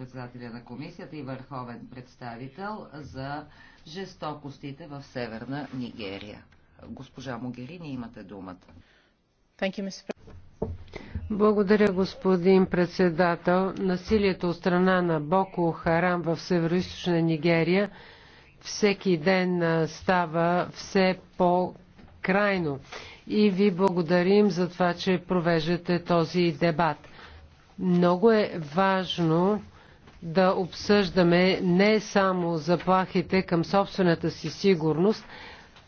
председателя на комисията и върховен представител за жестокостите в Северна Нигерия. Госпожа Могерини, имате думата. Благодаря, господин председател. Насилието от страна на Боко Харам в северо Нигерия всеки ден става все по-крайно. И ви благодарим за това, че провеждате този дебат. Много е важно да обсъждаме не само заплахите към собствената си сигурност,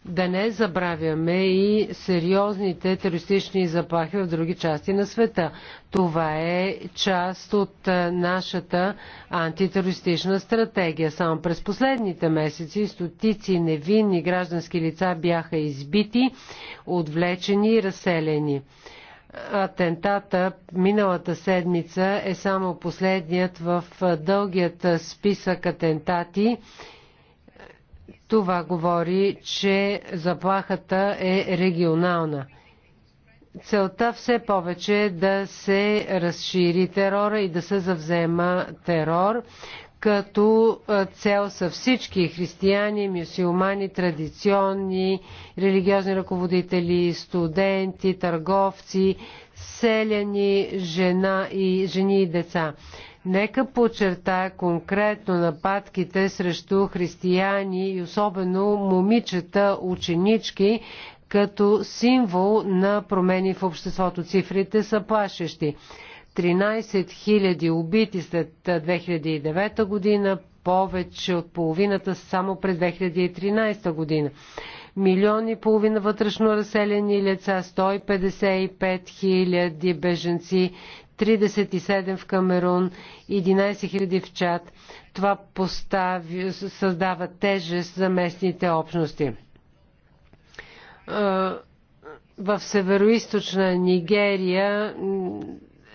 да не забравяме и сериозните терористични заплахи в други части на света. Това е част от нашата антитерористична стратегия. Само през последните месеци стотици невинни граждански лица бяха избити, отвлечени и разселени. Атентата миналата седмица е само последният в дългият списък атентати. Това говори, че заплахата е регионална. Целта все повече е да се разшири терора и да се завзема терор, като цел са всички християни, мюсюлмани, традиционни, религиозни ръководители, студенти, търговци, селяни, жена и, жени и деца. Нека подчертая конкретно нападките срещу християни и особено момичета, ученички, като символ на промени в обществото. Цифрите са плашещи. 13 000 убити след 2009 година, повече от половината само през 2013 година. Милион и половина вътрешно разселени лица, 155 хиляди беженци, 37 в Камерун, 11 хиляди в Чад. Това постави, създава тежест за местните общности. В северо Нигерия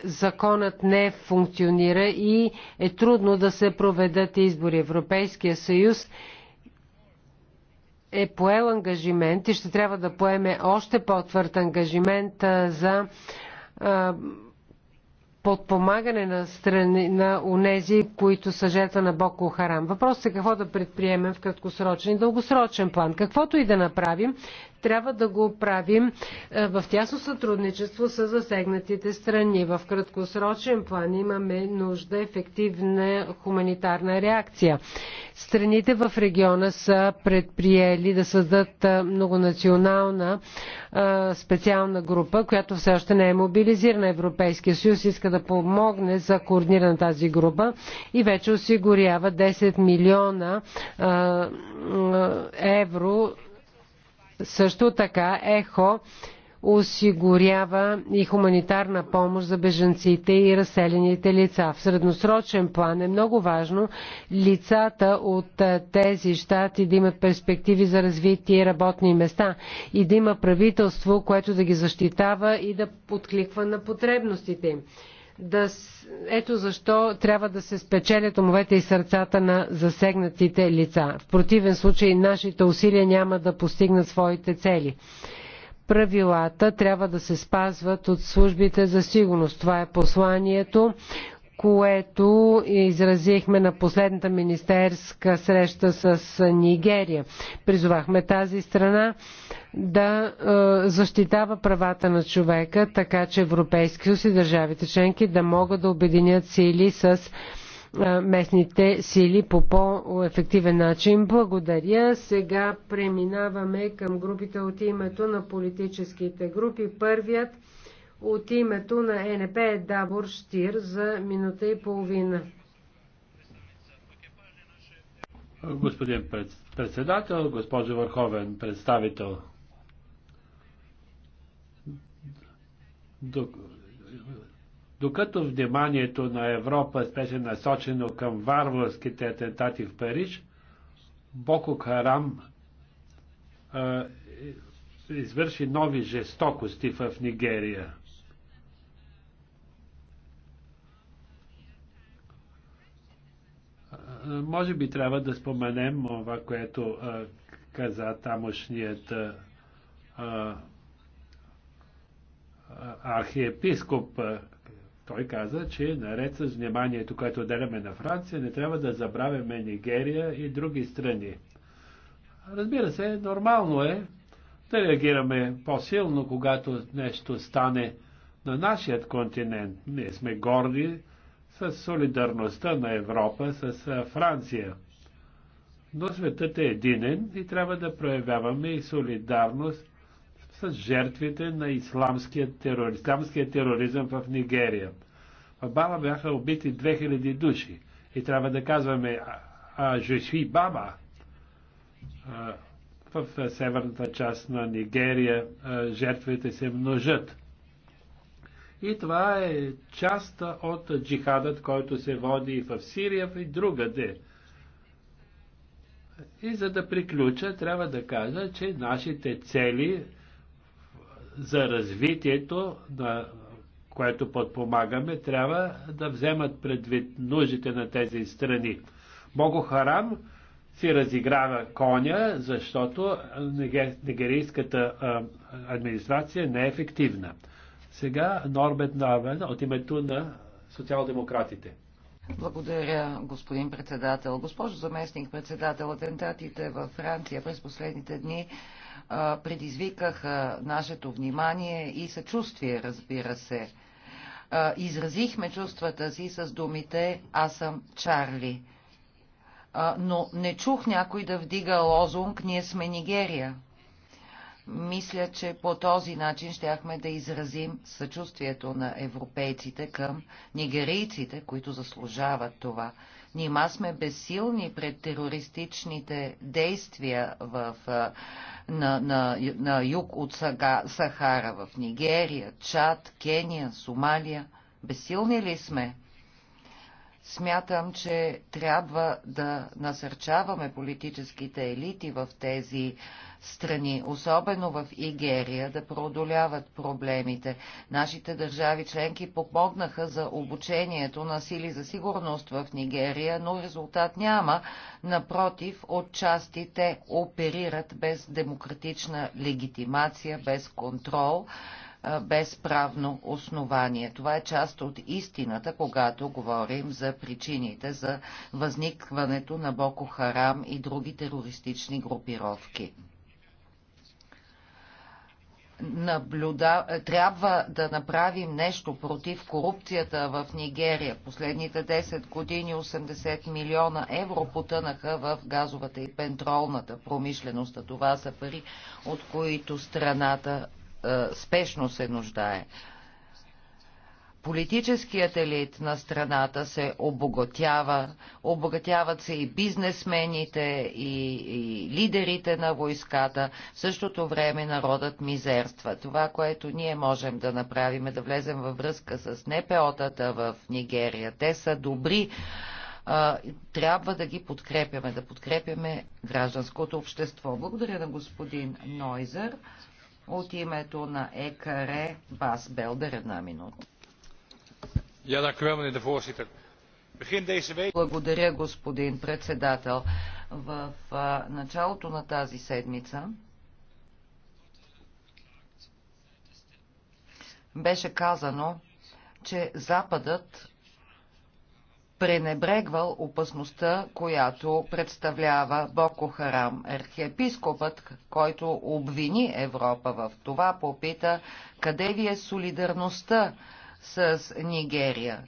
законът не функционира и е трудно да се проведат избори. Европейския съюз е поел ангажимент и ще трябва да поеме още по-твърд ангажимент за подпомагане на страни на унези, които са жертва на Боко Харам. Въпросът е какво да предприемем в краткосрочен и дългосрочен план. Каквото и да направим, трябва да го правим е, в тясно сътрудничество с засегнатите страни. В краткосрочен план имаме нужда ефективна хуманитарна реакция. Страните в региона са предприели да създадат е, многонационална е, специална група, която все още не е мобилизирана. Европейския съюз иска да помогне за координиране на тази група и вече осигурява 10 милиона евро също така ЕХО осигурява и хуманитарна помощ за беженците и разселените лица. В средносрочен план е много важно лицата от тези щати да имат перспективи за развитие и работни места и да има правителство, което да ги защитава и да подкликва на потребностите им. Да, ето защо трябва да се спечелят умовете и сърцата на засегнатите лица. В противен случай нашите усилия няма да постигнат своите цели. Правилата трябва да се спазват от службите за сигурност. Това е посланието, което изразихме на последната министерска среща с Нигерия. Призовахме тази страна да защитава правата на човека, така че Европейски съюз и държавите членки да могат да обединят сили с местните сили по по-ефективен начин. Благодаря. Сега преминаваме към групите от името на политическите групи. Първият от името на ЕНП е Дабор Штир за минута и половина. Господин председател, госпожо Върховен представител, докато вниманието на Европа беше насочено към варварските атентати в Париж, Боко Харам а, извърши нови жестокости в Нигерия. може би трябва да споменем това, което а, каза тамошният а, архиепископ. Той каза, че наред с вниманието, което отделяме на Франция, не трябва да забравяме Нигерия и други страни. Разбира се, нормално е да реагираме по-силно, когато нещо стане на нашият континент. Ние сме горди с солидарността на Европа, с Франция. Но светът е единен и трябва да проявяваме и солидарност с жертвите на исламския, терор, исламския тероризъм в Нигерия. В Баба бяха убити 2000 души и трябва да казваме а, Жешви Баба в северната част на Нигерия жертвите се множат. И това е част от джихадът, който се води в Сирия и другаде. И за да приключа, трябва да кажа, че нашите цели за развитието, на което подпомагаме, трябва да вземат предвид нуждите на тези страни. Бого Харам си разиграва коня, защото нигерийската администрация не е ефективна. Сега Норбет Навен от името на социал-демократите. Благодаря, господин председател. Госпожо заместник председател, атентатите във Франция през последните дни а, предизвикаха нашето внимание и съчувствие, разбира се. А, изразихме чувствата си с думите «Аз съм Чарли». А, но не чух някой да вдига лозунг «Ние сме Нигерия». Мисля, че по този начин щяхме да изразим съчувствието на европейците към нигерийците, които заслужават това. Нима сме безсилни пред терористичните действия в, на, на, на юг от Сага, Сахара, в Нигерия, Чад, Кения, Сомалия. Безсилни ли сме? Смятам, че трябва да насърчаваме политическите елити в тези страни, особено в Игерия, да преодоляват проблемите. Нашите държави членки помогнаха за обучението на сили за сигурност в Нигерия, но резултат няма. Напротив, отчасти те оперират без демократична легитимация, без контрол без правно основание. Това е част от истината, когато говорим за причините за възникването на Боко Харам и други терористични групировки наблюда... трябва да направим нещо против корупцията в Нигерия. Последните 10 години 80 милиона евро потънаха в газовата и пентролната промишленост. това са пари, от които страната е, спешно се нуждае. Политическият елит на страната се обогатява, обогатяват се и бизнесмените, и, и лидерите на войската. В същото време народът мизерства. Това, което ние можем да направим е да влезем във връзка с НПО-тата в Нигерия. Те са добри е, трябва да ги подкрепяме, да подкрепяме гражданското общество. Благодаря на господин Нойзер. От името на ЕКР Бас Белдер една минута. Благодаря, господин председател. В началото на тази седмица беше казано, че Западът пренебрегвал опасността, която представлява Боко Харам. Архиепископът, който обвини Европа в това, попита къде ви е солидарността с Нигерия.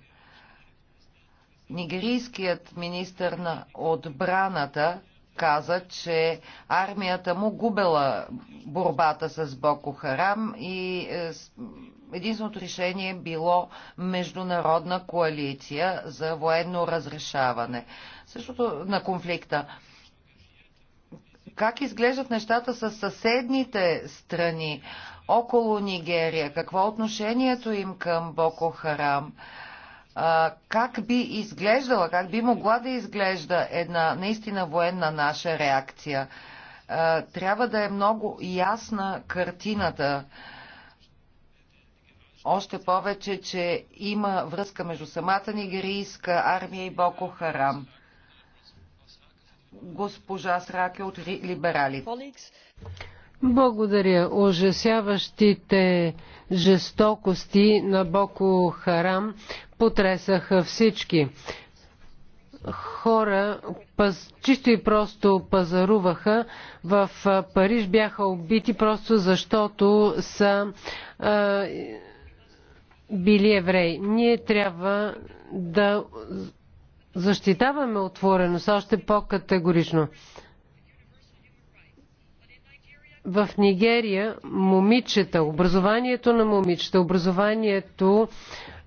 Нигерийският министр на отбраната каза, че армията му губела борбата с Боко Харам и е, единственото решение е било международна коалиция за военно разрешаване Същото на конфликта. Как изглеждат нещата с съседните страни около Нигерия? Какво е отношението им към Боко Харам? как би изглеждала, как би могла да изглежда една наистина военна наша реакция. Трябва да е много ясна картината. Още повече, че има връзка между самата нигерийска армия и Боко Харам. Госпожа Сраке от Либерали. Благодаря. Ужасяващите жестокости на Боко Харам потресаха всички. Хора паз, чисто и просто пазаруваха в Париж, бяха убити просто защото са а, били евреи. Ние трябва да защитаваме отвореност още по-категорично в Нигерия момичета, образованието на момичета, образованието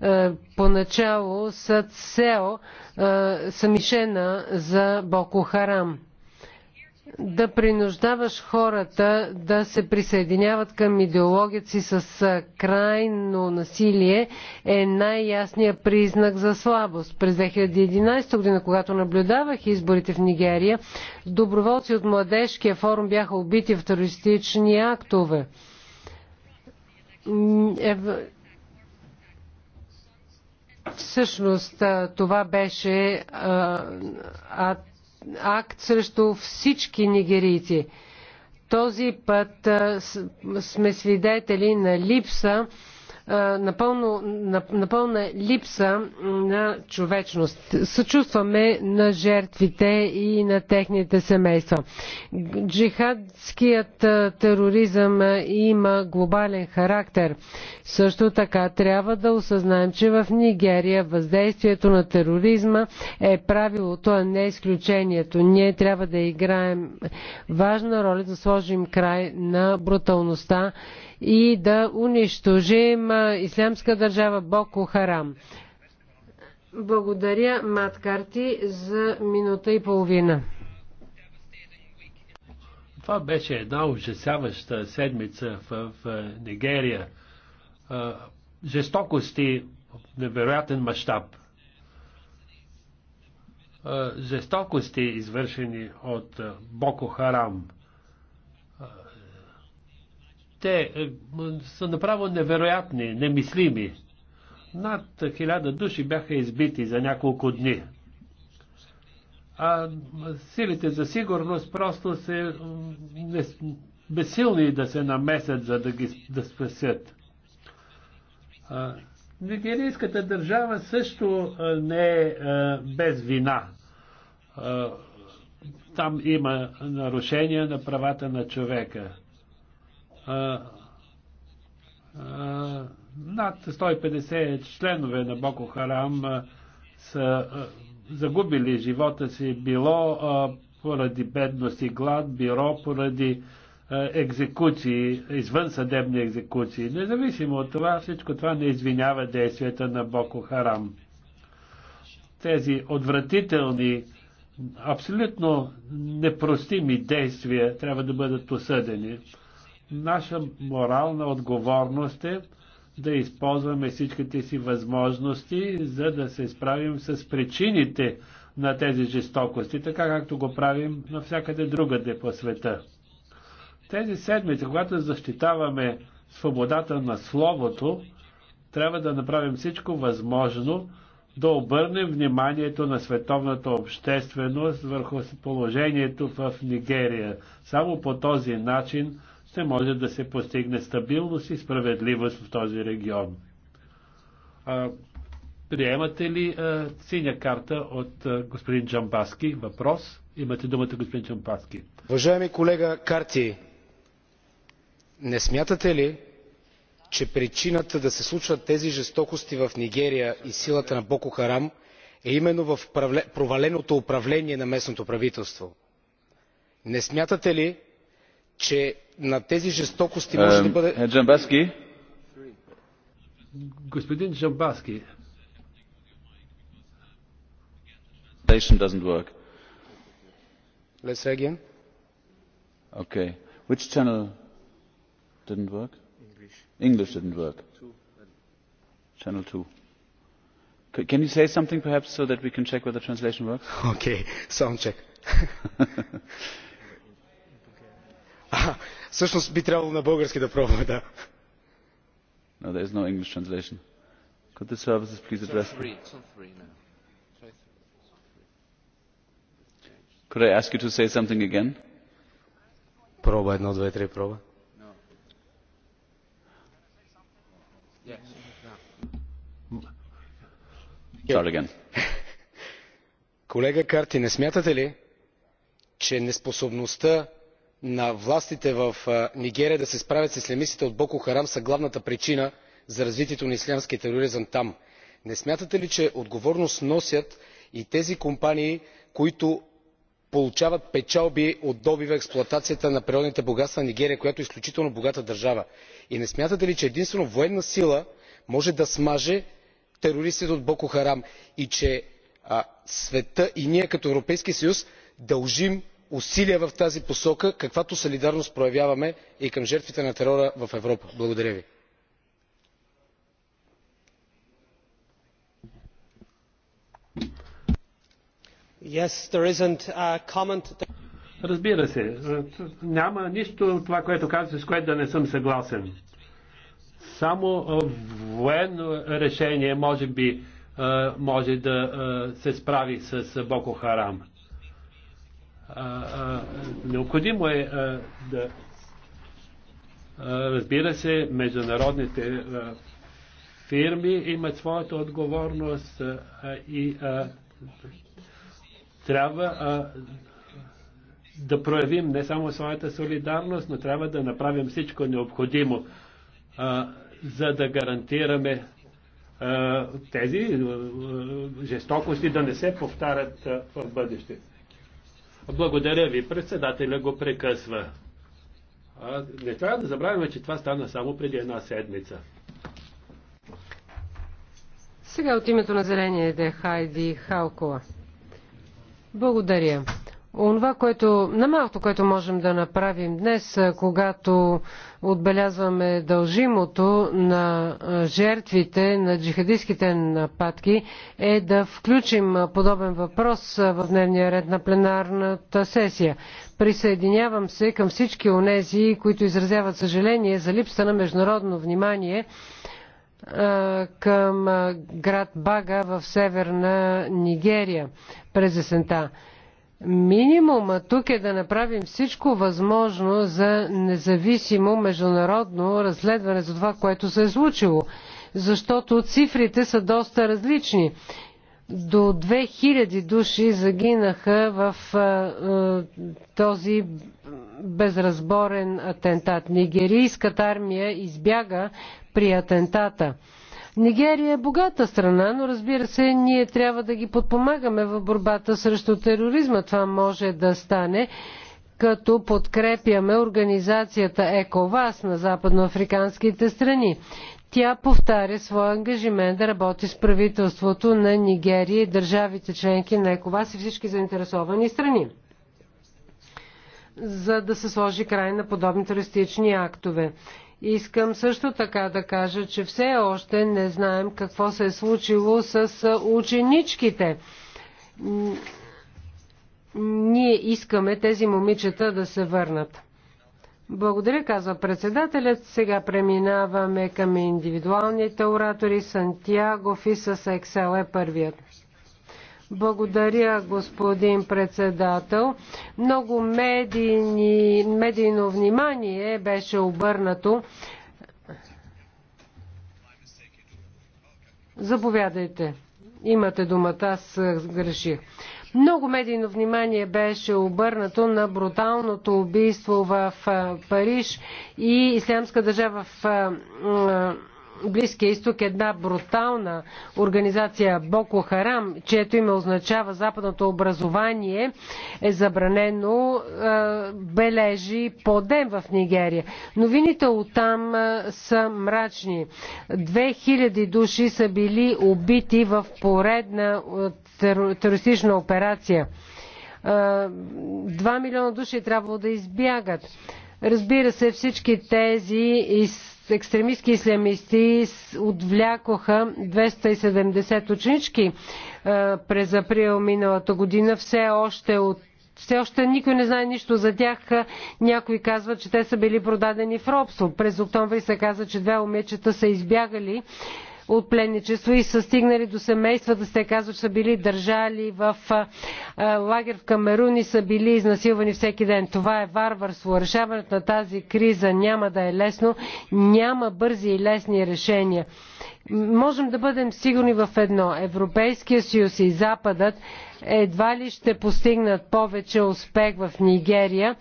е, поначало са цел, е, за Боко Харам да принуждаваш хората да се присъединяват към идеологията си с крайно насилие е най-ясният признак за слабост. През 2011 година, когато наблюдавах изборите в Нигерия, доброволци от младежкия форум бяха убити в терористични актове. Е, всъщност това беше а, а, акт срещу всички нигерийци. Този път сме свидетели на липса напълно, напълна липса на човечност. Съчувстваме на жертвите и на техните семейства. Джихадският тероризъм има глобален характер. Също така трябва да осъзнаем, че в Нигерия въздействието на тероризма е правилото, а е не изключението. Ние трябва да играем важна роля да сложим край на бруталността и да унищожим Ислямска държава Боко Харам. Благодаря, Мат Карти, за минута и половина. Това беше една ужасяваща седмица в, в Нигерия. Жестокости в невероятен мащаб. Жестокости, извършени от Боко Харам – те е, са направо невероятни, немислими. Над хиляда души бяха избити за няколко дни. А силите за сигурност просто са безсилни да се намесят, за да ги да спасят. нигерийската държава също не е без вина. там има нарушения на правата на човека над 150 членове на Боко Харам са загубили живота си, било поради бедност и глад, било поради екзекуции, извънсъдебни екзекуции. Независимо от това, всичко това не извинява действията на Боко Харам. Тези отвратителни, абсолютно непростими действия трябва да бъдат осъдени. Наша морална отговорност е да използваме всичките си възможности, за да се справим с причините на тези жестокости, така както го правим навсякъде другаде по света. Тези седмици, когато защитаваме свободата на словото, трябва да направим всичко възможно да обърнем вниманието на световната общественост върху положението в Нигерия. Само по този начин ще може да се постигне стабилност и справедливост в този регион. А, приемате ли а, синя карта от а, господин Джамбаски? Въпрос. Имате думата, господин Джамбаски. Уважаеми колега Карти, не смятате ли, че причината да се случват тези жестокости в Нигерия и силата на Боко Харам е именно в проваленото управление на местното правителство? Не смятате ли, че на тези жестокости може да бъде... Господин Джамбаски. Let's say again. Okay. Which channel didn't work? English. English didn't work. Two. Channel 2. Can you say something perhaps so that we can check whether the translation works? Okay, sound check. А, всъщност би трябвало на български да пробваме, да. No, there is no English translation. Could the services please address? Could I ask you to say something again? Проба едно, две, три, проба. Колега Карти, не смятате ли, че неспособността на властите в нигерия да се справят с ислямистите от боко харам са главната причина за развитието на ислямския тероризъм там. не смятате ли че отговорност носят и тези компании които получават печалби от добива и експлоатацията на природните богатства на нигерия която е изключително богата държава? и не смятате ли че единствено военна сила може да смаже терористите от боко харам и че светът и ние като европейски съюз дължим усилия в тази посока каквато солидарност проявяваме и към жертвите на терора в европа. благодаря ви. Разбира се, няма нищо от това, което казвате, с което да не съм съгласен. Само военно решение може би може да се справи с Боко Харам необходимо е да разбира се, международните фирми имат своята отговорност и трябва да проявим не само своята солидарност, но трябва да направим всичко необходимо, за да гарантираме тези жестокости да не се повтарят в бъдеще. Благодаря ви. Председателя го прекъсва. А, не трябва да забравяме, че това стана само преди една седмица. Сега от името на Зеления Хайди Халкова. Благодаря. Онова, което, на малкото, което можем да направим днес, когато отбелязваме дължимото на жертвите на джихадистските нападки, е да включим подобен въпрос в дневния ред на пленарната сесия. Присъединявам се към всички онези, които изразяват съжаление за липса на международно внимание към град Бага в северна Нигерия през есента. Минимума тук е да направим всичко възможно за независимо международно разследване за това, което се е случило, защото цифрите са доста различни. До 2000 души загинаха в а, този безразборен атентат. Нигерийската армия избяга при атентата. Нигерия е богата страна, но разбира се, ние трябва да ги подпомагаме в борбата срещу тероризма. Това може да стане като подкрепяме организацията ЕКОВАС на западноафриканските страни. Тя повтаря своя ангажимент да работи с правителството на Нигерия и държавите членки на ЕКОВАС и всички заинтересовани страни, за да се сложи край на подобни терористични актове. Искам също така да кажа, че все още не знаем какво се е случило с ученичките. Ние искаме тези момичета да се върнат. Благодаря, казва председателят. Сега преминаваме към индивидуалните оратори. Сантьяго с Ексел е първият. Благодаря, господин председател. Много медийни, медийно внимание беше обърнато. Заповядайте. Имате думата, аз греших. Много медийно внимание беше обърнато на бруталното убийство в Париж и Ислямска държава в Близкия изток е една брутална организация Боко Харам, чието име означава западното образование, е забранено, е, бележи по ден в Нигерия. Новините от там е, са мрачни. 2000 души са били убити в поредна терористична операция. 2 милиона души е трябвало да избягат. Разбира се, всички тези из екстремистски ислямисти отвлякоха 270 ученички е, през април миналата година. Все още от все още никой не знае нищо за тях. Някои казват, че те са били продадени в робство. През октомври се каза, че две момичета са избягали от пленничество и са стигнали до семействата си. Те казват, че са били държали в лагер в Камерун и са били изнасилвани всеки ден. Това е варварство. Решаването на тази криза няма да е лесно. Няма бързи и лесни решения можем да бъдем сигурни в едно. Европейския съюз и Западът едва ли ще постигнат повече успех в Нигерия,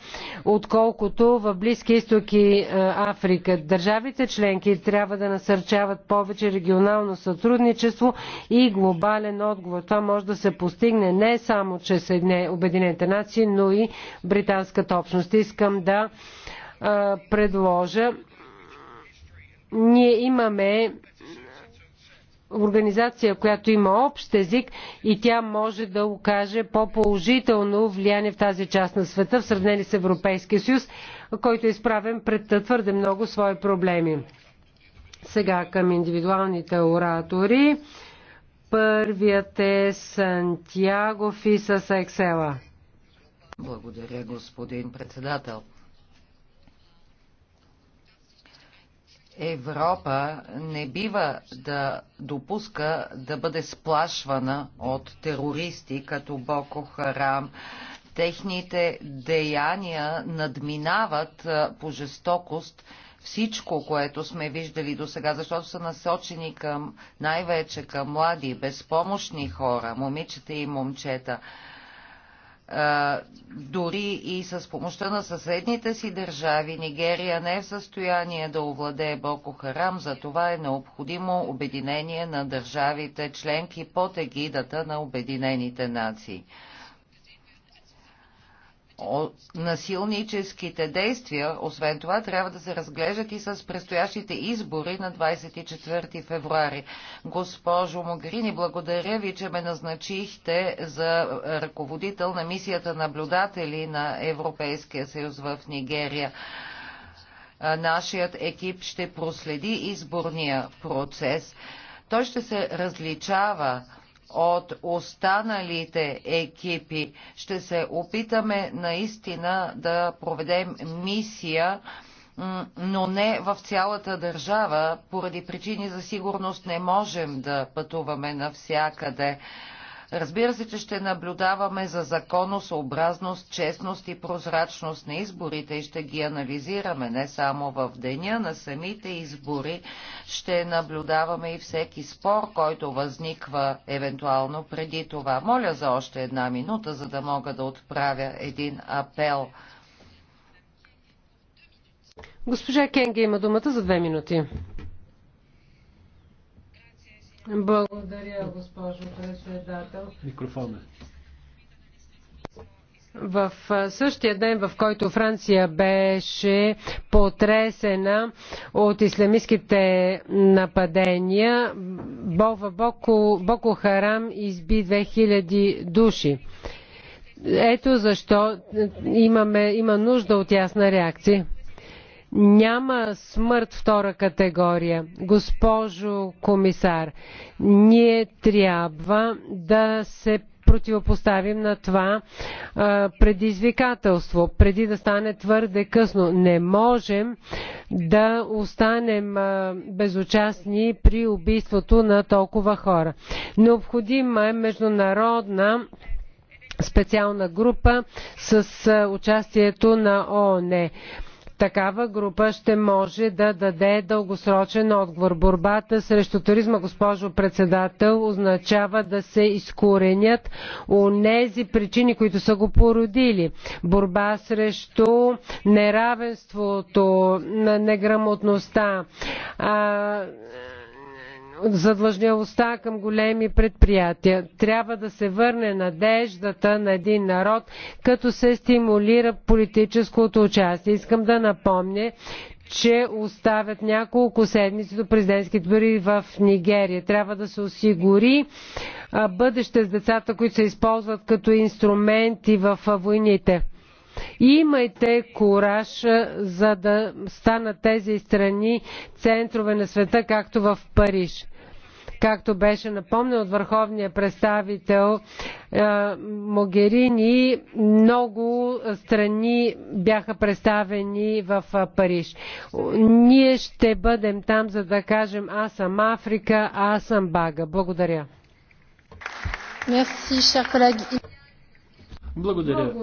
отколкото в Близки изток и е, Африка. Държавите членки трябва да насърчават повече регионално сътрудничество и глобален отговор. Това може да се постигне не само чрез Обединените нации, но и британската общност. Искам да е, предложа. Ние имаме организация, която има общ език и тя може да окаже по-положително влияние в тази част на света, в сравнение с Европейския съюз, който е изправен пред твърде много свои проблеми. Сега към индивидуалните оратори. Първият е Сантьяго Фиса Сексела. Благодаря, господин председател. Европа не бива да допуска да бъде сплашвана от терористи като Боко Харам. Техните деяния надминават по жестокост всичко, което сме виждали до сега, защото са насочени към най-вече към млади, безпомощни хора, момичета и момчета дори и с помощта на съседните си държави, Нигерия не е в състояние да овладее Боко Харам, за това е необходимо обединение на държавите членки под егидата на Обединените нации насилническите действия, освен това, трябва да се разглеждат и с предстоящите избори на 24 февруари. Госпожо Могрини, благодаря ви, че ме назначихте за ръководител на мисията наблюдатели на Европейския съюз в Нигерия нашият екип ще проследи изборния процес. Той ще се различава от останалите екипи. Ще се опитаме наистина да проведем мисия, но не в цялата държава. Поради причини за сигурност не можем да пътуваме навсякъде. Разбира се, че ще наблюдаваме за законосъобразност, честност и прозрачност на изборите и ще ги анализираме не само в деня на самите избори, ще наблюдаваме и всеки спор, който възниква евентуално преди това. Моля за още една минута, за да мога да отправя един апел. Госпожа Кенге има думата за две минути. Благодаря, госпожо председател. Микрофона. Е. В същия ден, в който Франция беше потресена от исламистските нападения, Бова Боко, Боко Харам изби 2000 души. Ето защо имаме, има нужда от ясна реакция. Няма смърт втора категория. Госпожо комисар, ние трябва да се противопоставим на това а, предизвикателство, преди да стане твърде късно. Не можем да останем а, безучастни при убийството на толкова хора. Необходима е международна специална група с участието на ООН. Такава група ще може да даде дългосрочен отговор. Борбата срещу туризма, госпожо председател, означава да се изкоренят нези причини, които са го породили. Борба срещу неравенството, неграмотността, задлъжнялостта към големи предприятия. Трябва да се върне надеждата на един народ, като се стимулира политическото участие. Искам да напомня, че оставят няколко седмици до президентски избори в Нигерия. Трябва да се осигури бъдеще с децата, които се използват като инструменти в войните. Имайте кураж, за да станат тези страни центрове на света, както в Париж. Както беше напомнен от върховния представител е, Могерини, много страни бяха представени в е, Париж. Ние ще бъдем там, за да кажем аз съм Африка, аз съм Бага. Благодаря. Благодаря.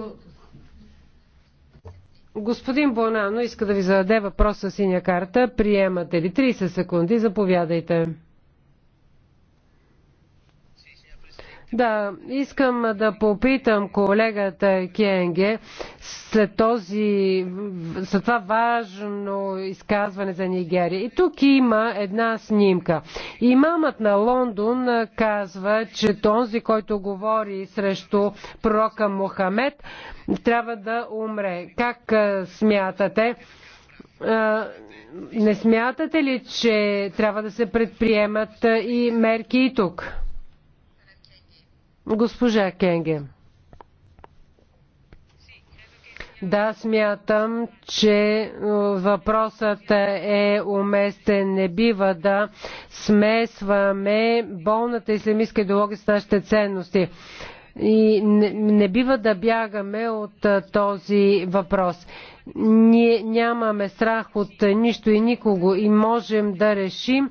Господин Бонано иска да ви зададе въпрос с синя карта. Приемате ли 30 секунди? Заповядайте. Да, искам да попитам колегата Кенге след, този, след това важно изказване за Нигерия. И тук има една снимка. Имамът на Лондон казва, че този, който говори срещу пророка Мохамед, трябва да умре. Как смятате? Не смятате ли, че трябва да се предприемат и мерки и тук? Госпожа Кенге. Да, смятам, че е, въпросът е уместен. Не бива да смесваме болната ислямистка идеология с нашите ценности. И не, не бива да бягаме от е, този въпрос. Ние нямаме страх от е, нищо и никого и можем да решим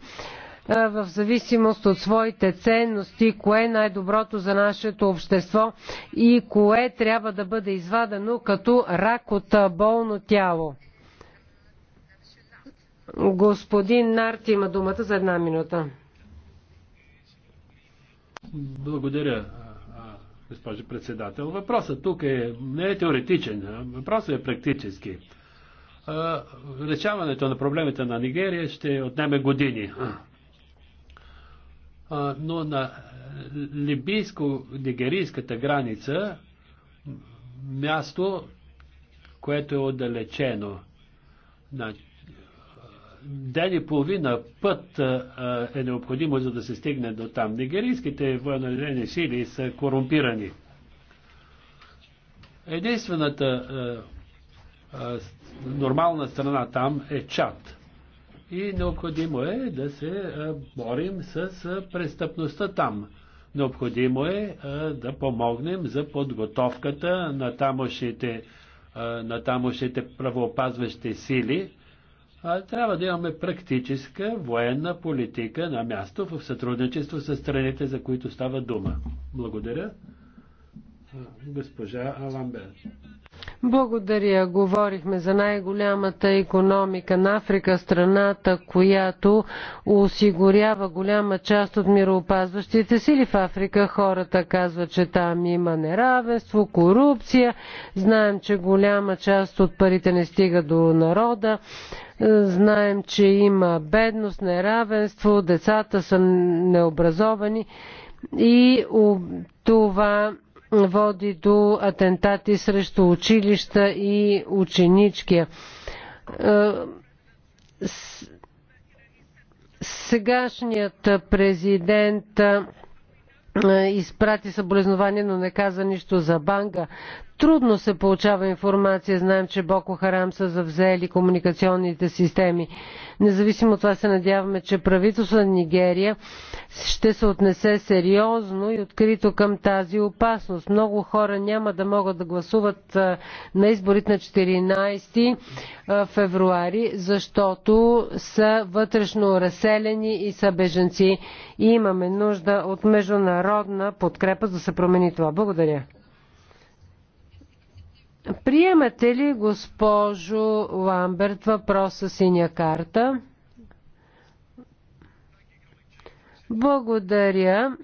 в зависимост от своите ценности, кое е най-доброто за нашето общество и кое трябва да бъде извадено като рак от болно тяло. Господин Нарт има думата за една минута. Благодаря, госпожо председател. Въпросът тук е, не е теоретичен, въпросът е практически. Решаването на проблемите на Нигерия ще отнеме години но на либийско-нигерийската граница място, което е отдалечено. Ден и половина път е необходимо, за да се стигне до там. Нигерийските военнолежени сили са корумпирани. Единствената нормална страна там е Чад и необходимо е да се борим с престъпността там. Необходимо е да помогнем за подготовката на тамошните, на тамошните правоопазващи сили. Трябва да имаме практическа военна политика на място в сътрудничество с страните, за които става дума. Благодаря. Госпожа Аламбер. Благодаря. Говорихме за най-голямата економика на Африка, страната, която осигурява голяма част от мироопазващите сили в Африка. Хората казват, че там има неравенство, корупция. Знаем, че голяма част от парите не стига до народа. Знаем, че има бедност, неравенство, децата са необразовани и това води до атентати срещу училища и ученички. Е, сегашният президент е, изпрати съболезнование, но не каза нищо за Банга трудно се получава информация. Знаем, че Боко Харам са завзели комуникационните системи. Независимо от това се надяваме, че правителството на Нигерия ще се отнесе сериозно и открито към тази опасност. Много хора няма да могат да гласуват на изборите на 14 февруари, защото са вътрешно разселени и са беженци. И имаме нужда от международна подкрепа, за да се промени това. Благодаря. Приемате ли, госпожо Ламберт, въпроса синя карта? Благодаря.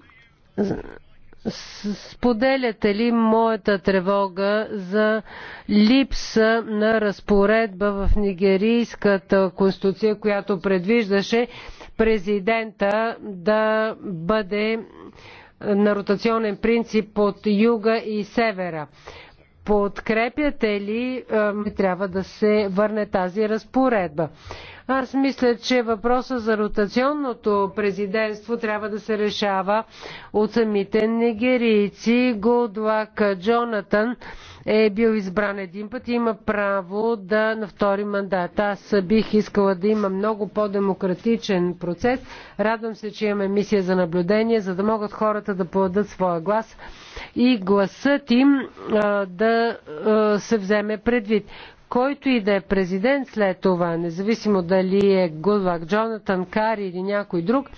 Споделяте ли моята тревога за липса на разпоредба в нигерийската конституция, която предвиждаше президента да бъде на ротационен принцип от юга и севера? Подкрепяте ли, трябва да се върне тази разпоредба? Аз мисля, че въпроса за ротационното президентство трябва да се решава от самите нигерийци. Голдлак Джонатан е бил избран един път и има право да на втори мандат. Аз бих искала да има много по-демократичен процес. Радвам се, че имаме мисия за наблюдение, за да могат хората да подадат своя глас и гласът им да се вземе предвид. Който и да е президент след това, независимо дали е Гудвак, Джонатан Кари или някой друг,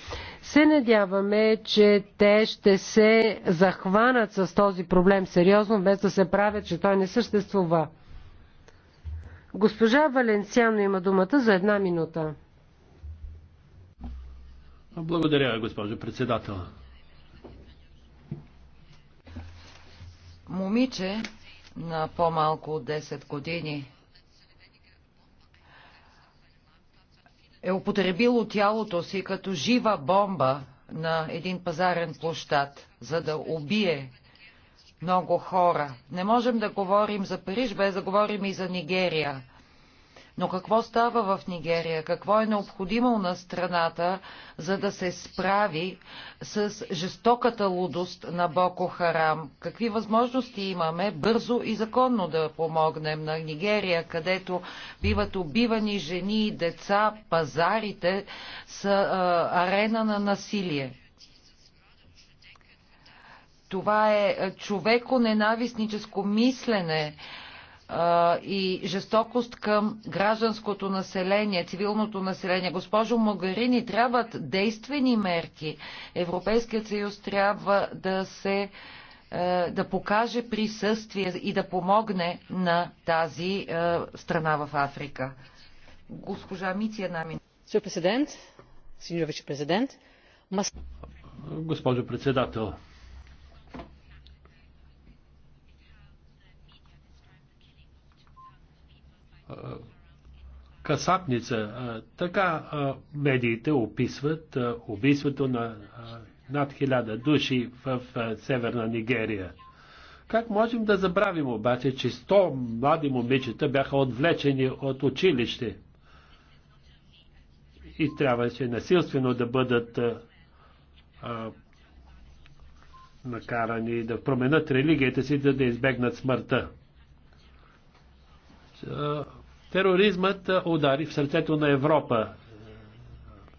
се надяваме, че те ще се захванат с този проблем сериозно, без да се правят, че той не съществува. Госпожа Валенсиано има думата за една минута. Благодаря, госпожо председател. момиче на по-малко от 10 години е употребило тялото си като жива бомба на един пазарен площад, за да убие много хора. Не можем да говорим за Париж, без да говорим и за Нигерия. Но какво става в Нигерия? Какво е необходимо на страната, за да се справи с жестоката лудост на Боко Харам? Какви възможности имаме бързо и законно да помогнем на Нигерия, където биват убивани жени и деца, пазарите са а, арена на насилие? Това е човеко-ненавистническо мислене, и жестокост към гражданското население, цивилното население. Госпожо Могарини, трябват действени мерки. Европейският съюз трябва да се е, да покаже присъствие и да помогне на тази е, страна в Африка. Госпожа Мици една Госпожо председател, касапница. Така медиите описват убийството на над хиляда души в северна Нигерия. Как можем да забравим обаче, че 100 млади момичета бяха отвлечени от училище и трябваше насилствено да бъдат а, накарани да променят религията си, за да, да избегнат смъртта. Тероризмът удари в сърцето на Европа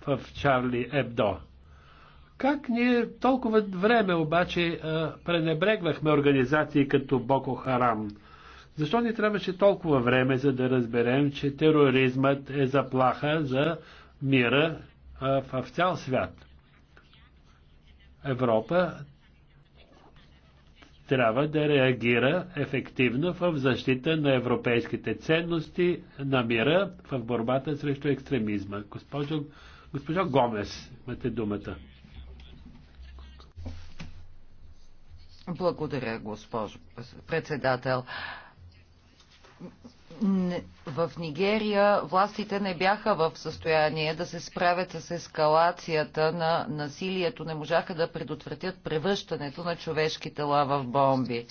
в Чарли Ебдо. Как ние толкова време обаче пренебрегвахме организации като Боко Харам? Защо ни трябваше толкова време, за да разберем, че тероризмът е заплаха за мира в цял свят? Европа трябва да реагира ефективно в защита на европейските ценности, на мира, в борбата срещу екстремизма. Госпожо, госпожо Гомес, имате думата. Благодаря, госпожо председател в Нигерия властите не бяха в състояние да се справят с ескалацията на насилието, не можаха да предотвратят превръщането на човешки тела в бомби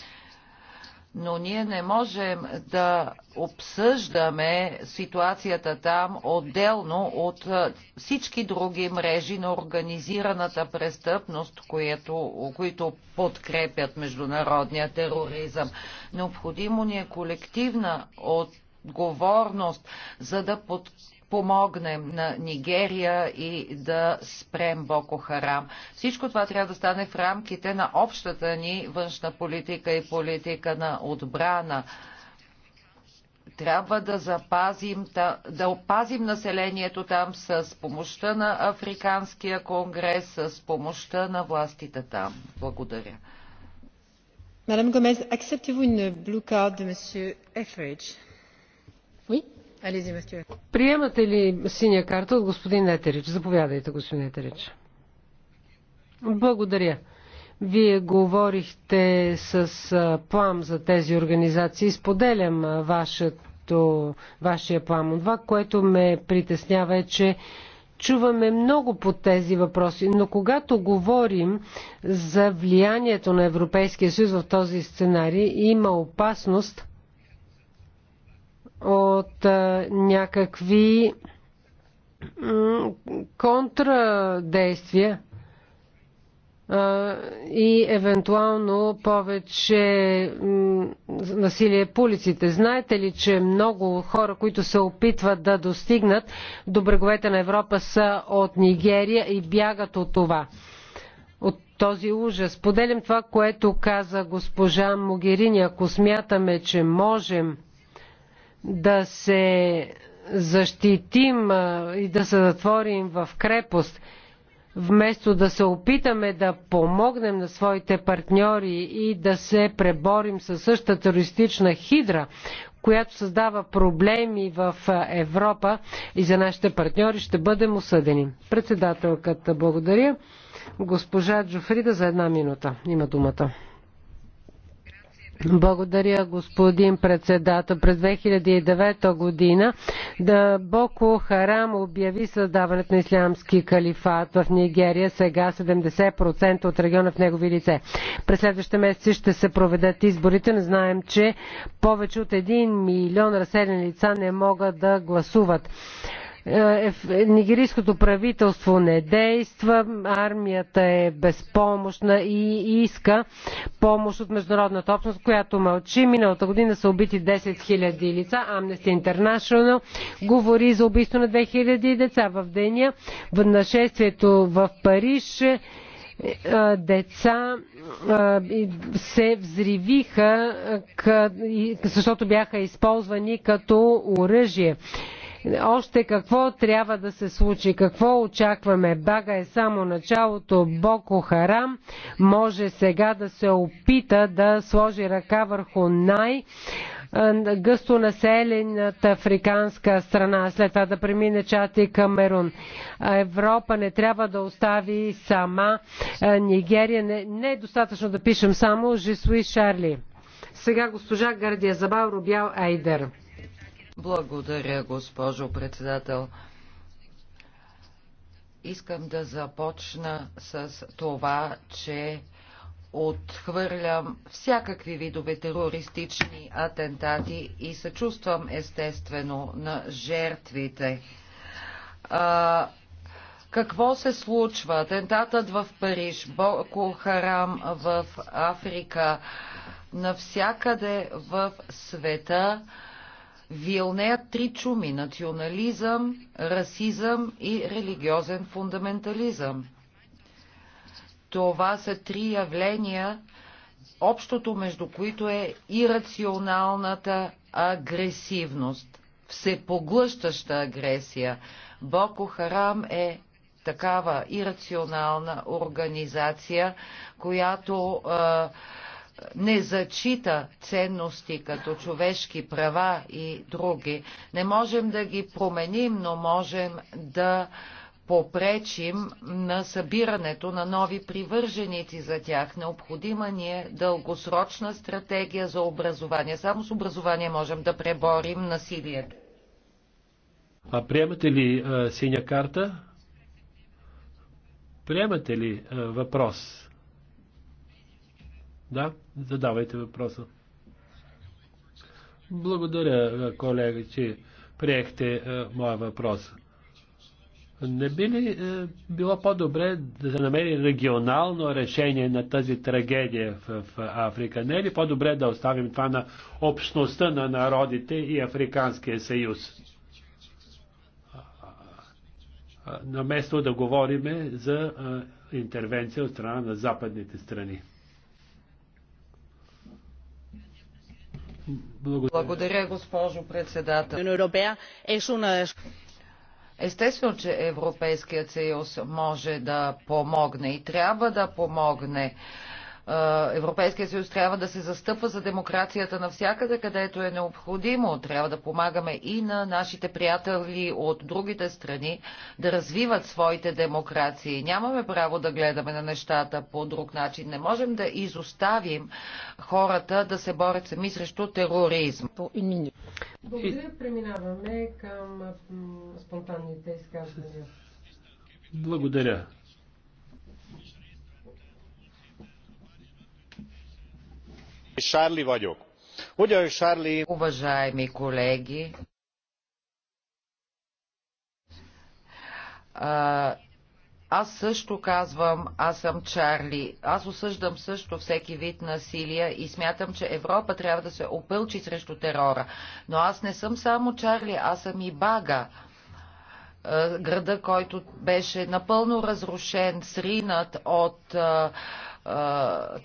но ние не можем да обсъждаме ситуацията там отделно от всички други мрежи на организираната престъпност, което, които подкрепят международния тероризъм. Необходимо ни е колективна отговорност, за да подкрепим помогнем на Нигерия и да спрем Боко Харам. Всичко това трябва да стане в рамките на общата ни външна политика и политика на отбрана трябва да запазим, да опазим населението там с помощта на Африканския конгрес, с помощта на властите там. Благодаря. Мадам Gomez, acceptez-vous une blue card de Monsieur Oui. Приемате ли синя карта от господин Етерич? Заповядайте, господин Етерич. Благодаря. Вие говорихте с плам за тези организации. Споделям вашето, вашия плам. Това, което ме притеснява е, че чуваме много по тези въпроси, но когато говорим за влиянието на Европейския съюз в този сценарий, има опасност от някакви контрадействия и евентуално повече насилие по улиците. Знаете ли, че много хора, които се опитват да достигнат до бреговете на Европа са от Нигерия и бягат от това? От този ужас. Поделям това, което каза госпожа Могерини. Ако смятаме, че можем да се защитим и да се затворим в крепост, вместо да се опитаме да помогнем на своите партньори и да се преборим със същата терористична хидра, която създава проблеми в Европа и за нашите партньори ще бъдем осъдени. Председателката, благодаря. Госпожа Джофрида за една минута. Има думата. Благодаря, господин председател. През 2009 година да Боко Харам обяви създаването на ислямски калифат в Нигерия, сега 70% от региона в негови лице. През следващите месеци ще се проведат изборите. Не знаем, че повече от 1 милион разселени лица не могат да гласуват. Е, е, нигерийското правителство не действа, армията е безпомощна и иска помощ от международната общност, която мълчи. Миналата година са убити 10 000 лица. Amnesty International говори за убийство на 2000 деца в деня. В нашествието в Париж е, деца се взривиха, защото бяха използвани като оръжие. Още какво трябва да се случи? Какво очакваме? Бага е само началото. Боко Харам може сега да се опита да сложи ръка върху най- гъсто населената африканска страна, след това да премине Чати и Камерун. Европа не трябва да остави сама Нигерия. Не, не е достатъчно да пишем само Жисуи Шарли. Сега госпожа Гардия Забавро Рубял Айдер. Благодаря, госпожо председател. Искам да започна с това, че отхвърлям всякакви видове терористични атентати и съчувствам естествено на жертвите. А, какво се случва? Атентатът в Париж, Боко Харам в Африка, навсякъде в света вилнеят три чуми – национализъм, расизъм и религиозен фундаментализъм. Това са три явления, общото между които е ирационалната агресивност, всепоглъщаща агресия. Боко Харам е такава ирационална организация, която а, не зачита ценности като човешки права и други. Не можем да ги променим, но можем да попречим на събирането на нови привърженици за тях. Необходима ни е дългосрочна стратегия за образование. Само с образование можем да преборим насилието. А приемате ли а, синя карта? Приемате ли а, въпрос? Да, задавайте въпроса. Благодаря, е, колега, че приехте е, моя въпрос. Не би ли е, било по-добре да се намери регионално решение на тази трагедия в, в Африка? Не е ли по-добре да оставим това на общността на народите и Африканския съюз? Наместо да говориме за е, интервенция от страна на западните страни. Благодаря, госпожо председател. Естествено, че Европейският съюз може да помогне и трябва да помогне Европейския съюз трябва да се застъпва за демокрацията навсякъде, където е необходимо. Трябва да помагаме и на нашите приятели от другите страни да развиват своите демокрации. Нямаме право да гледаме на нещата по друг начин. Не можем да изоставим хората да се борят сами срещу тероризм. Благодаря. Преминаваме към спонтанните изказвания. Благодаря. Уважаеми колеги, аз също казвам, аз съм Чарли. Аз осъждам също всеки вид насилие и смятам, че Европа трябва да се опълчи срещу терора. Но аз не съм само Чарли, аз съм и Бага града, който беше напълно разрушен, сринат от а,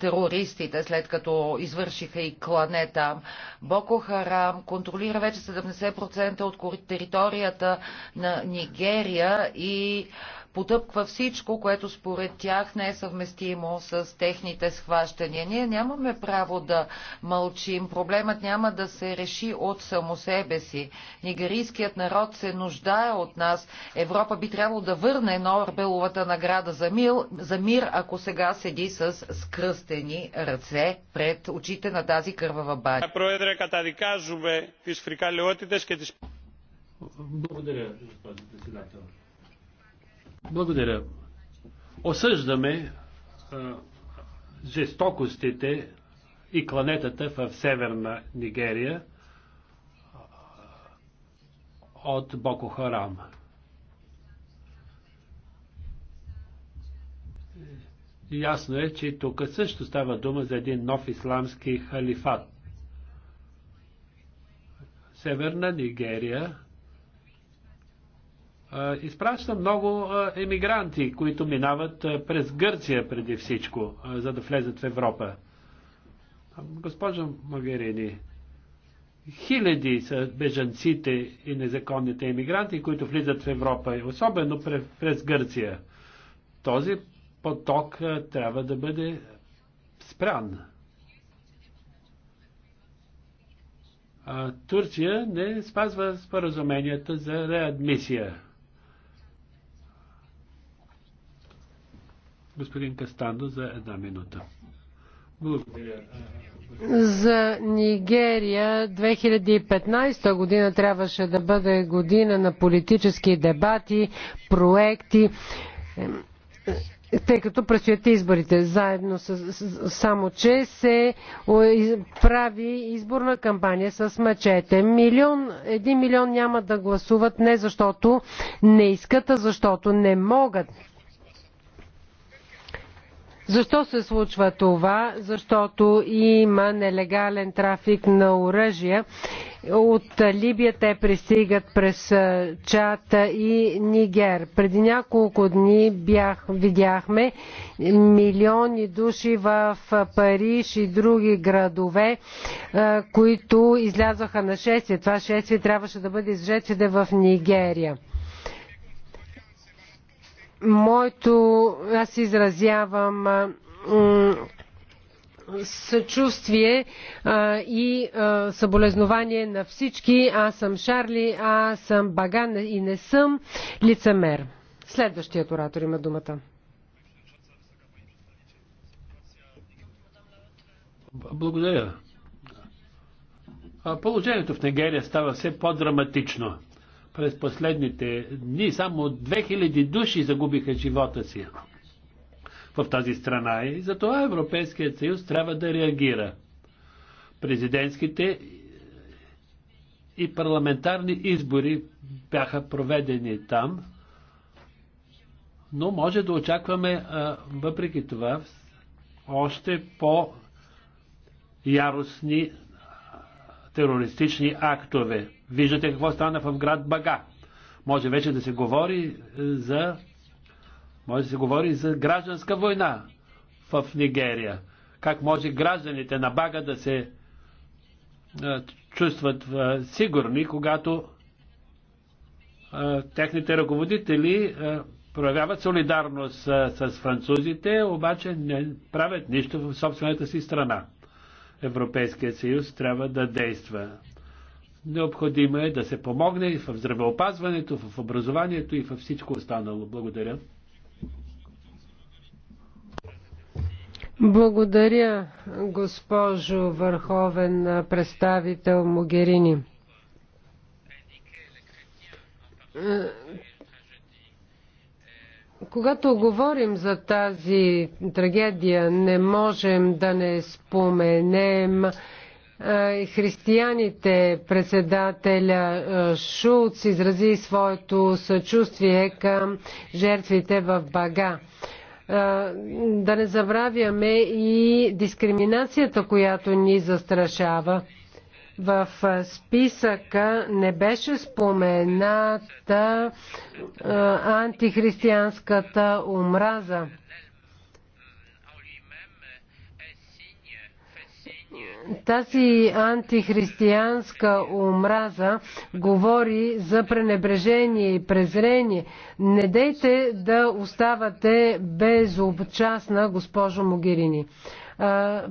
терористите, след като извършиха и клане там. Боко Харам контролира вече 70% от територията на Нигерия и потъпква всичко, което според тях не е съвместимо с техните схващания. Ние нямаме право да мълчим. Проблемът няма да се реши от само себе си. Нигерийският народ се нуждае от нас. Европа би трябвало да върне Норбеловата награда за, за мир, ако сега седи с с скръстени ръце пред очите на тази кървава баня. Благодаря, господин председател. Благодаря. Осъждаме а, жестокостите и кланетата в северна Нигерия от Боко Харама. Ясно е, че тук също става дума за един нов исламски халифат. Северна Нигерия изпраща много емигранти, които минават през Гърция преди всичко, за да влезат в Европа. Госпожо Магерини, хиляди са бежанците и незаконните емигранти, които влизат в Европа, особено през Гърция. Този поток е, трябва да бъде спрян. Турция не спазва споразуменията за реадмисия. Господин Кастандо за една минута. Благодаря. За Нигерия 2015 година трябваше да бъде година на политически дебати, проекти тъй като предстоят изборите заедно с, само че се прави изборна кампания с мечете. Милион, един милион няма да гласуват не защото не искат, а защото не могат. Защо се случва това? Защото има нелегален трафик на оръжия. От Либия те пристигат през Чата и Нигер. Преди няколко дни бях, видяхме милиони души в Париж и други градове, които излязоха на шествие. Това шествие трябваше да бъде изжечене в Нигерия моето, аз изразявам съчувствие а, и а, съболезнование на всички. Аз съм Шарли, аз съм Баган и не съм лицемер. Следващият оратор има думата. Благодаря. Положението в Нигерия става все по-драматично през последните дни само 2000 души загубиха живота си в тази страна и затова Европейският съюз трябва да реагира. Президентските и парламентарни избори бяха проведени там, но може да очакваме въпреки това още по яростни терористични актове. Виждате какво стана в град Бага. Може вече да се говори е, за може да се говори за гражданска война в Нигерия. Как може гражданите на Бага да се е, чувстват е, сигурни, когато техните ръководители проявяват солидарност с французите, обаче не правят нищо в собствената си страна. Европейския съюз трябва да действа. Необходимо е да се помогне и в здравеопазването, в образованието и във всичко останало. Благодаря. Благодаря, госпожо върховен представител Могерини когато говорим за тази трагедия, не можем да не споменем християните. Председателя Шулц изрази своето съчувствие към жертвите в Бага да не забравяме и дискриминацията, която ни застрашава. В списъка не беше спомената антихристиянската омраза. Тази антихристиянска омраза говори за пренебрежение и презрение. Не дейте да оставате безобчастна, госпожо Могирини.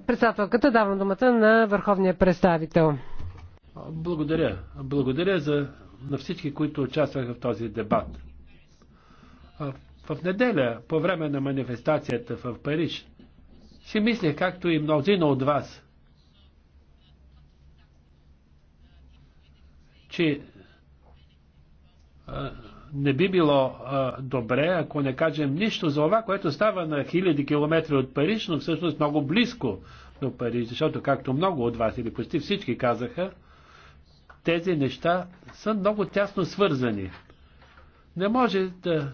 Председателката давам думата на върховния представител. Благодаря. Благодаря за, на всички, които участваха в този дебат. В неделя, по време на манифестацията в Париж, си мислех, както и мнозина от вас, че а, не би било а, добре, ако не кажем нищо за това, което става на хиляди километри от Париж, но всъщност много близко до Париж, защото както много от вас или почти всички казаха, тези неща са много тясно свързани. Не може да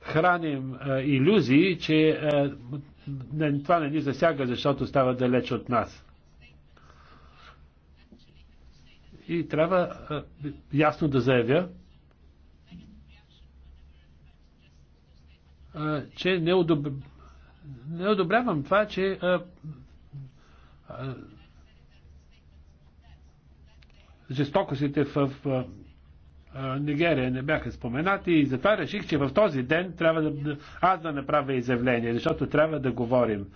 храним а, иллюзии, че а, не, това не ни засяга, защото става далеч от нас. И трябва а, ясно да заявя, а, че не, одоб... не одобрявам това, че а, а, жестокостите в Нигерия не бяха споменати и затова реших, че в този ден трябва да, аз да направя изявление, защото трябва да говорим.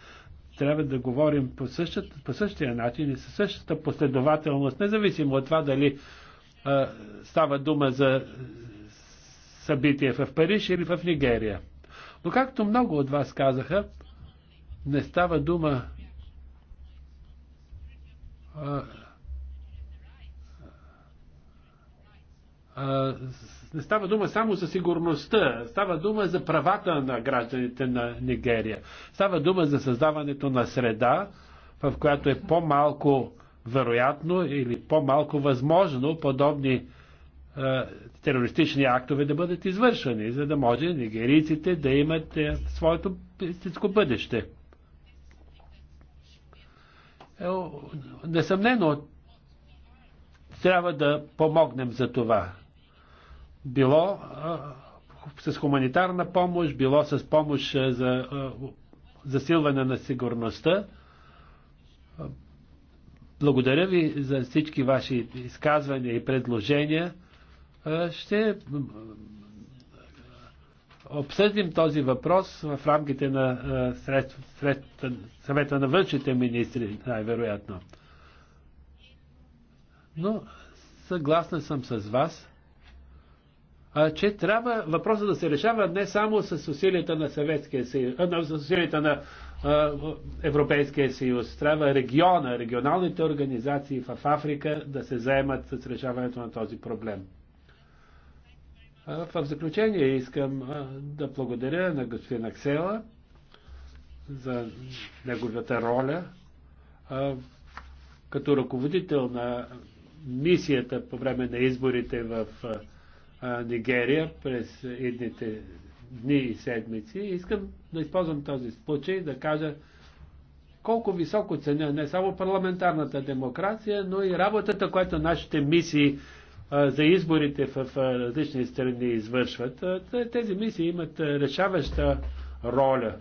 Трябва да говорим по, същата, по същия начин и със същата последователност, независимо от това дали а, става дума за събитие в Париж или в Нигерия. Но както много от вас казаха, не става дума а, не става дума само за сигурността, става дума за правата на гражданите на Нигерия. Става дума за създаването на среда, в която е по-малко вероятно или по-малко възможно подобни е, терористични актове да бъдат извършвани, за да може нигерийците да имат е, своето истинско бъдеще. Е, несъмнено, трябва да помогнем за това било с хуманитарна помощ, било с помощ за засилване на сигурността. Благодаря ви за всички ваши изказвания и предложения. Ще обсъдим този въпрос в рамките на съвета на външните министри, най-вероятно. Но съгласна съм с вас, че трябва въпроса да се решава не само с усилията на Съветския съюз, а с усилията на Европейския съюз. Трябва региона, регионалните организации в Африка да се заемат с решаването на този проблем. В заключение искам да благодаря на господин Аксела за неговата роля като ръководител на мисията по време на изборите в Нигерия през едните дни и седмици. Искам да използвам този случай да кажа колко високо ценя не само парламентарната демокрация, но и работата, която нашите мисии за изборите в различни страни извършват. Тези мисии имат решаваща роля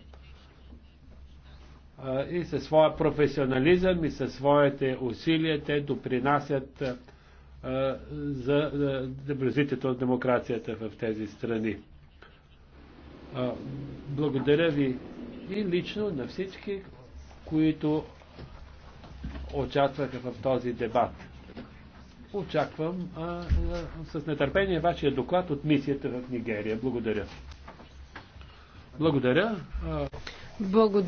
и със своя професионализъм и със своите усилия те допринасят за, за развитието на демокрацията в тези страни. Благодаря ви и лично на всички, които участваха в този дебат. Очаквам с нетърпение вашия доклад от мисията в Нигерия. Благодаря. Благодаря. Благодаря.